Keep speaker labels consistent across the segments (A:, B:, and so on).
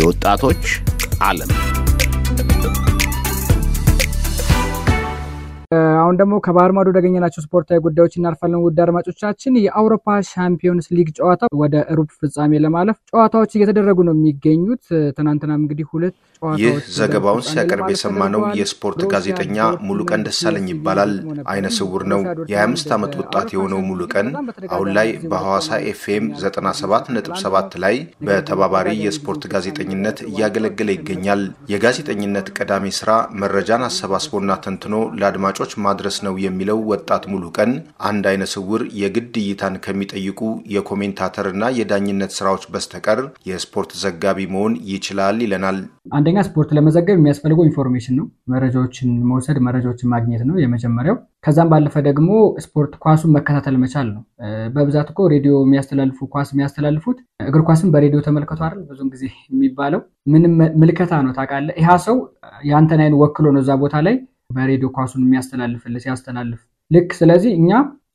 A: የወጣቶች ዓለም አሁን ደግሞ ከባህር ማዶ ወዳገኘናቸው ስፖርታዊ ጉዳዮች እናልፋለን። ውድ አድማጮቻችን የአውሮፓ ሻምፒዮንስ ሊግ ጨዋታ ወደ ሩብ ፍጻሜ ለማለፍ ጨዋታዎች እየተደረጉ ነው የሚገኙት። ትናንትናም እንግዲህ ሁለት
B: ይህ ዘገባውን ሲያቀርብ የሰማነው የስፖርት ጋዜጠኛ ሙሉቀን ደሳለኝ ይባላል። አይነ ስውር ነው። የ25 ዓመት ወጣት የሆነው ሙሉቀን አሁን ላይ በሐዋሳ ኤፍኤም 97.7 ላይ በተባባሪ የስፖርት ጋዜጠኝነት እያገለገለ ይገኛል። የጋዜጠኝነት ቀዳሚ ስራ መረጃን አሰባስቦና ተንትኖ ለአድማጮች ማድረግ ድረስ ነው የሚለው ወጣት ሙሉ ቀን አንድ አይነ ስውር የግድ እይታን ከሚጠይቁ የኮሜንታተርና የዳኝነት ስራዎች በስተቀር የስፖርት ዘጋቢ መሆን ይችላል ይለናል።
A: አንደኛ ስፖርት ለመዘገብ የሚያስፈልገው ኢንፎርሜሽን ነው። መረጃዎችን መውሰድ፣ መረጃዎችን ማግኘት ነው የመጀመሪያው። ከዛም ባለፈ ደግሞ ስፖርት ኳሱን መከታተል መቻል ነው። በብዛት እኮ ሬዲዮ የሚያስተላልፉ ኳስ የሚያስተላልፉት እግር ኳስን በሬዲዮ ተመልከቱ አይደል ብዙን ጊዜ የሚባለው ምንም ምልከታ ነው ታውቃለህ። ይህ ሰው የአንተን አይን ወክሎ ነው እዛ ቦታ ላይ በሬዲዮ ኳሱን የሚያስተላልፍልህ ሲያስተላልፍ ልክ ስለዚህ እኛ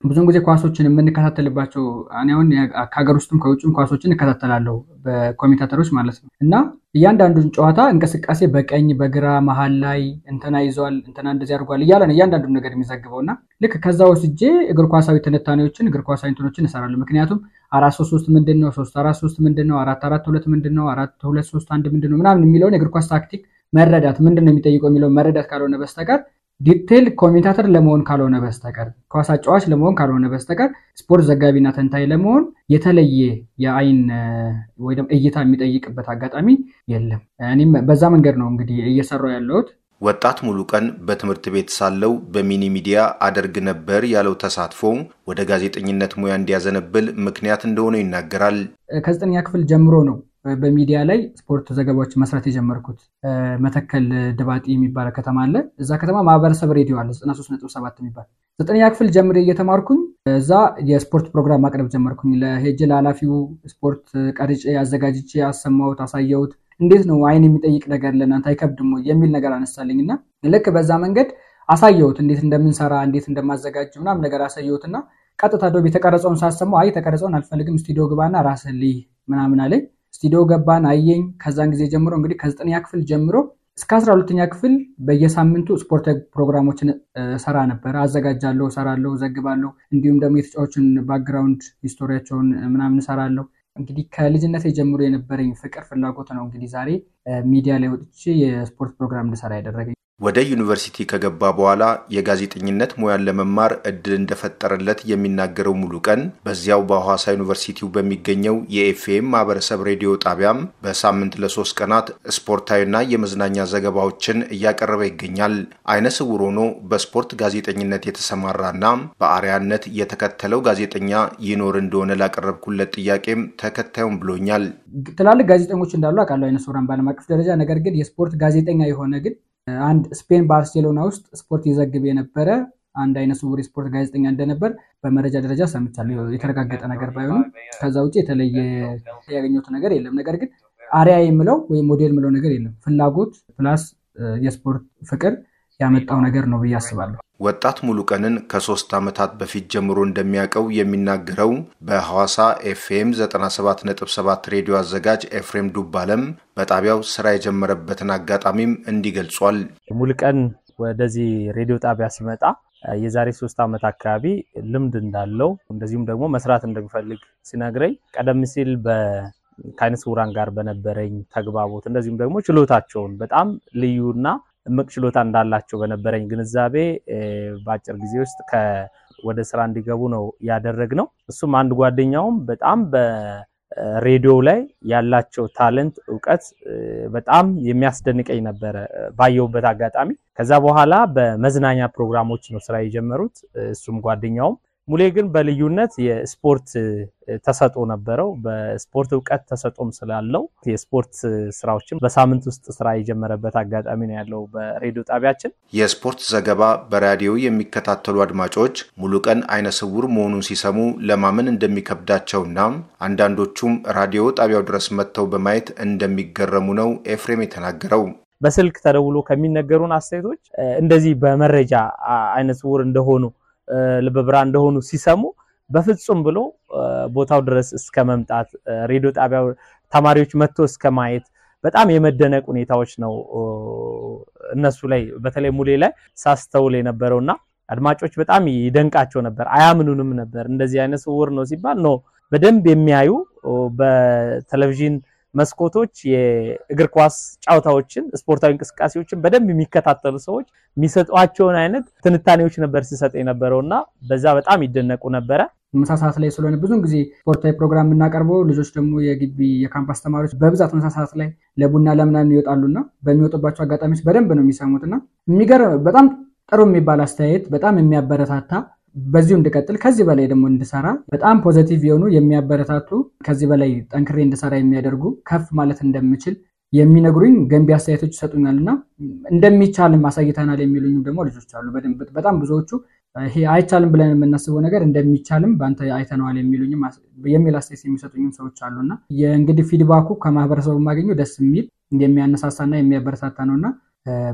A: ብዙን ጊዜ ኳሶችን የምንከታተልባቸው እኔ አሁን ከሀገር ውስጥም ከውጭም ኳሶችን እከታተላለሁ በኮሚታተሮች ማለት ነው። እና እያንዳንዱን ጨዋታ እንቅስቃሴ በቀኝ በግራ መሀል ላይ እንትና ይዟል እንትና እንደዚህ አድርጓል እያለን ነው እያንዳንዱን ነገር የሚዘግበው እና ልክ ከዛ ወስጄ እግር ኳሳዊ ትንታኔዎችን እግር ኳሳዊ እንትኖችን እሰራለሁ። ምክንያቱም አራት ሶስት ሶስት ምንድን ነው፣ ሶስት አራት ሶስት ምንድን ነው፣ አራት አራት ሁለት ምንድን ነው፣ አራት ሁለት ሶስት አንድ ምንድን ነው ምናምን የሚለውን የእግር ኳስ ታክቲክ መረዳት ምንድን ነው የሚጠይቀው የሚለውን መረዳት ካልሆነ በስተቀር ዲቴል ኮሜንታተር ለመሆን ካልሆነ በስተቀር ኳስ አጫዋች ለመሆን ካልሆነ በስተቀር ስፖርት ዘጋቢና ተንታኝ ለመሆን የተለየ የአይን ወይም እይታ የሚጠይቅበት አጋጣሚ የለም። እኔም በዛ መንገድ ነው እንግዲህ እየሰራው ያለሁት።
B: ወጣት ሙሉ ቀን በትምህርት ቤት ሳለው በሚኒ ሚዲያ አደርግ ነበር ያለው ተሳትፎ ወደ ጋዜጠኝነት ሙያ እንዲያዘነብል ምክንያት እንደሆነ ይናገራል።
A: ከዘጠነኛ ክፍል ጀምሮ ነው በሚዲያ ላይ ስፖርት ዘገባዎች መስራት የጀመርኩት መተከል ድባጢ የሚባል ከተማ አለ። እዛ ከተማ ማህበረሰብ ሬዲዮ አለ 93.7 የሚባል ዘጠነኛ ክፍል ጀምሬ እየተማርኩኝ እዛ የስፖርት ፕሮግራም ማቅረብ ጀመርኩኝ። ለሄጅ ለኃላፊው ስፖርት ቀርጬ አዘጋጅቼ አሰማሁት፣ አሳየሁት። እንዴት ነው አይን የሚጠይቅ ነገር ለእናንተ አይከብድም የሚል ነገር አነሳልኝ እና ልክ በዛ መንገድ አሳየሁት፣ እንዴት እንደምንሰራ እንዴት እንደማዘጋጅ ምናምን ነገር አሳየሁትና ቀጥታ ዶብ የተቀረጸውን ሳሰማው አይ ተቀረጸውን አልፈልግም ስቱዲዮ ግባና ራስህ ልይ ምናምን አለኝ። ስቱዲዮ ገባን አየኝ። ከዛን ጊዜ ጀምሮ እንግዲህ ከዘጠነኛ ክፍል ጀምሮ እስከ አስራ ሁለተኛ ክፍል በየሳምንቱ ስፖርታዊ ፕሮግራሞችን ሰራ ነበር። አዘጋጃለሁ፣ ሰራለሁ፣ ዘግባለሁ። እንዲሁም ደግሞ የተጫዎችን ባክግራውንድ ሂስቶሪያቸውን ምናምን ሰራለሁ። እንግዲህ ከልጅነት ጀምሮ የነበረኝ ፍቅር ፍላጎት ነው እንግዲህ ዛሬ ሚዲያ ላይ ወጥቼ የስፖርት ፕሮግራም እንድሰራ ያደረገኝ።
B: ወደ ዩኒቨርሲቲ ከገባ በኋላ የጋዜጠኝነት ሙያን ለመማር እድል እንደፈጠረለት የሚናገረው ሙሉ ቀን በዚያው በሐዋሳ ዩኒቨርሲቲው በሚገኘው የኤፍኤም ማህበረሰብ ሬዲዮ ጣቢያም በሳምንት ለሶስት ቀናት ስፖርታዊና የመዝናኛ ዘገባዎችን እያቀረበ ይገኛል። አይነ ስውር ሆኖ በስፖርት ጋዜጠኝነት የተሰማራና በአርያነት የተከተለው ጋዜጠኛ ይኖር እንደሆነ ላቀረብኩለት ጥያቄም ተከታዩም ብሎኛል።
A: ትላልቅ ጋዜጠኞች እንዳሉ አውቃለሁ፣ አይነ ስውራን ባለም አቀፍ ደረጃ ነገር ግን የስፖርት ጋዜጠኛ የሆነ ግን አንድ ስፔን ባርሴሎና ውስጥ ስፖርት ይዘግብ የነበረ አንድ አይነ ስውር ስፖርት ጋዜጠኛ እንደነበር በመረጃ ደረጃ ሰምቻለሁ። የተረጋገጠ ነገር ባይሆንም ከዛ ውጭ የተለየ ያገኘሁት ነገር የለም። ነገር ግን አሪያ የምለው ወይም ሞዴል የምለው ነገር የለም። ፍላጎት ፕላስ የስፖርት ፍቅር ያመጣው ነገር ነው ብዬ አስባለሁ።
B: ወጣት ሙሉቀንን ከሶስት ዓመታት በፊት ጀምሮ እንደሚያውቀው የሚናገረው በሐዋሳ ኤፍኤም 97.7 ሬዲዮ አዘጋጅ ኤፍሬም ዱባለም በጣቢያው ስራ የጀመረበትን አጋጣሚም እንዲህ ገልጿል።
C: ቀን ወደዚህ ሬዲዮ ጣቢያ ሲመጣ የዛሬ ሶስት ዓመት አካባቢ ልምድ እንዳለው እንደዚሁም ደግሞ መስራት እንደሚፈልግ ሲነግረኝ ቀደም ሲል ከአይነ ስውራን ጋር በነበረኝ ተግባቦት እንደዚሁም ደግሞ ችሎታቸውን በጣም ልዩና እምቅ ችሎታ እንዳላቸው በነበረኝ ግንዛቤ በአጭር ጊዜ ውስጥ ወደ ስራ እንዲገቡ ነው ያደረግ ነው። እሱም አንድ ጓደኛውም በጣም በሬዲዮ ላይ ያላቸው ታለንት፣ እውቀት በጣም የሚያስደንቀኝ ነበረ ባየሁበት አጋጣሚ። ከዛ በኋላ በመዝናኛ ፕሮግራሞች ነው ስራ የጀመሩት እሱም ጓደኛውም ሙሌ ግን በልዩነት የስፖርት ተሰጦ ነበረው። በስፖርት እውቀት ተሰጦም ስላለው የስፖርት ስራዎችን በሳምንት ውስጥ ስራ የጀመረበት አጋጣሚ ነው ያለው በሬዲዮ
B: ጣቢያችን። የስፖርት ዘገባ በራዲዮ የሚከታተሉ አድማጮች ሙሉ ቀን አይነ ስውር መሆኑን ሲሰሙ ለማመን እንደሚከብዳቸውና አንዳንዶቹም ራዲዮ ጣቢያው ድረስ መጥተው በማየት እንደሚገረሙ ነው ኤፍሬም የተናገረው።
C: በስልክ ተደውሎ ከሚነገሩን አስተያየቶች እንደዚህ በመረጃ አይነ ስውር እንደሆኑ ልብብራ እንደሆኑ ሲሰሙ በፍጹም ብሎ ቦታው ድረስ እስከ መምጣት ሬዲዮ ጣቢያው ተማሪዎች መጥቶ እስከ ማየት በጣም የመደነቅ ሁኔታዎች ነው እነሱ ላይ በተለይ ሙሌ ላይ ሳስተውል የነበረው እና አድማጮች በጣም ይደንቃቸው ነበር። አያምኑንም ነበር እንደዚህ አይነት ስውር ነው ሲባል ነው በደንብ የሚያዩ በቴሌቪዥን መስኮቶች የእግር ኳስ ጨዋታዎችን፣ ስፖርታዊ እንቅስቃሴዎችን በደንብ የሚከታተሉ ሰዎች የሚሰጧቸውን አይነት ትንታኔዎች ነበር ሲሰጥ የነበረው እና በዛ በጣም ይደነቁ ነበረ።
A: ምሳ ሰዓት ላይ ስለሆነ ብዙ ጊዜ ስፖርታዊ ፕሮግራም የምናቀርበው ልጆች ደግሞ የግቢ የካምፓስ ተማሪዎች በብዛት ምሳ ሰዓት ላይ ለቡና ለምናምን ይወጣሉና በሚወጡባቸው አጋጣሚዎች በደንብ ነው የሚሰሙትና የሚገርም በጣም ጥሩ የሚባል አስተያየት በጣም የሚያበረታታ በዚሁ እንድቀጥል ከዚህ በላይ ደግሞ እንድሰራ በጣም ፖዘቲቭ የሆኑ የሚያበረታቱ ከዚህ በላይ ጠንክሬ እንድሰራ የሚያደርጉ ከፍ ማለት እንደምችል የሚነግሩኝ ገንቢ አስተያየቶች ይሰጡኛል እና እንደሚቻልም አሳይተናል የሚሉኝም ደግሞ ልጆች አሉ። በጣም ብዙዎቹ ይሄ አይቻልም ብለን የምናስበው ነገር እንደሚቻልም በአንተ አይተነዋል የሚሉኝም የሚል አስተያየት የሚሰጡኝም ሰዎች አሉ እና የእንግዲህ ፊድባኩ ከማህበረሰቡ የማገኘው ደስ የሚል የሚያነሳሳና የሚያበረታታ ነው እና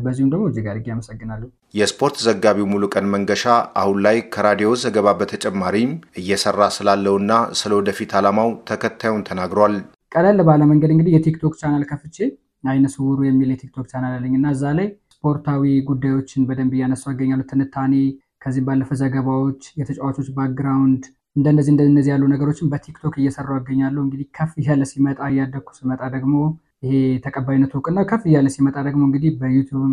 A: በዚሁም ደግሞ እጅግ አድርጌ አመሰግናለሁ።
B: የስፖርት ዘጋቢው ሙሉቀን መንገሻ አሁን ላይ ከራዲዮ ዘገባ በተጨማሪም እየሰራ ስላለውና ስለ ወደፊት ዓላማው ተከታዩን ተናግሯል።
A: ቀለል ባለ መንገድ እንግዲህ የቲክቶክ ቻናል ከፍቼ አይነ ስውሩ የሚል የቲክቶክ ቻናል አለኝ እና እዛ ላይ ስፖርታዊ ጉዳዮችን በደንብ እያነሱ ያገኛሉ። ትንታኔ፣ ከዚህ ባለፈ ዘገባዎች፣ የተጫዋቾች ባክግራውንድ እንደነዚህ እንደነዚህ ያሉ ነገሮችን በቲክቶክ እየሰራው ያገኛሉ እንግዲህ ከፍ ያለ ሲመጣ እያደግኩ ስመጣ ደግሞ ይሄ ተቀባይነት እውቅና ከፍ እያለ ሲመጣ ደግሞ እንግዲህ በዩቱብም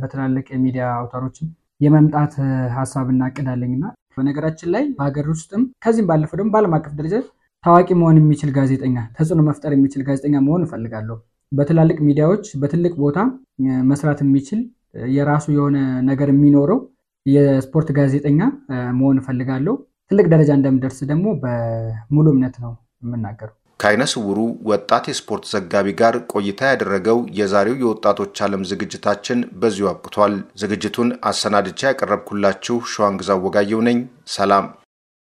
A: በትላልቅ የሚዲያ አውታሮችም የመምጣት ሀሳብ እቅድ አለኝና በነገራችን ላይ በሀገር ውስጥም ከዚህም ባለፈው ደግሞ በዓለም አቀፍ ደረጃ ታዋቂ መሆን የሚችል ጋዜጠኛ፣ ተጽዕኖ መፍጠር የሚችል ጋዜጠኛ መሆን እፈልጋለሁ። በትላልቅ ሚዲያዎች በትልቅ ቦታ መስራት የሚችል የራሱ የሆነ ነገር የሚኖረው የስፖርት ጋዜጠኛ መሆን እፈልጋለሁ። ትልቅ ደረጃ እንደምደርስ ደግሞ በሙሉ እምነት ነው
B: የምናገረው። ከአይነ ስውሩ ወጣት የስፖርት ዘጋቢ ጋር ቆይታ ያደረገው የዛሬው የወጣቶች ዓለም ዝግጅታችን በዚሁ አብቅቷል። ዝግጅቱን አሰናድቻ ያቀረብኩላችሁ ሸዋንግዛ ወጋየው ነኝ። ሰላም።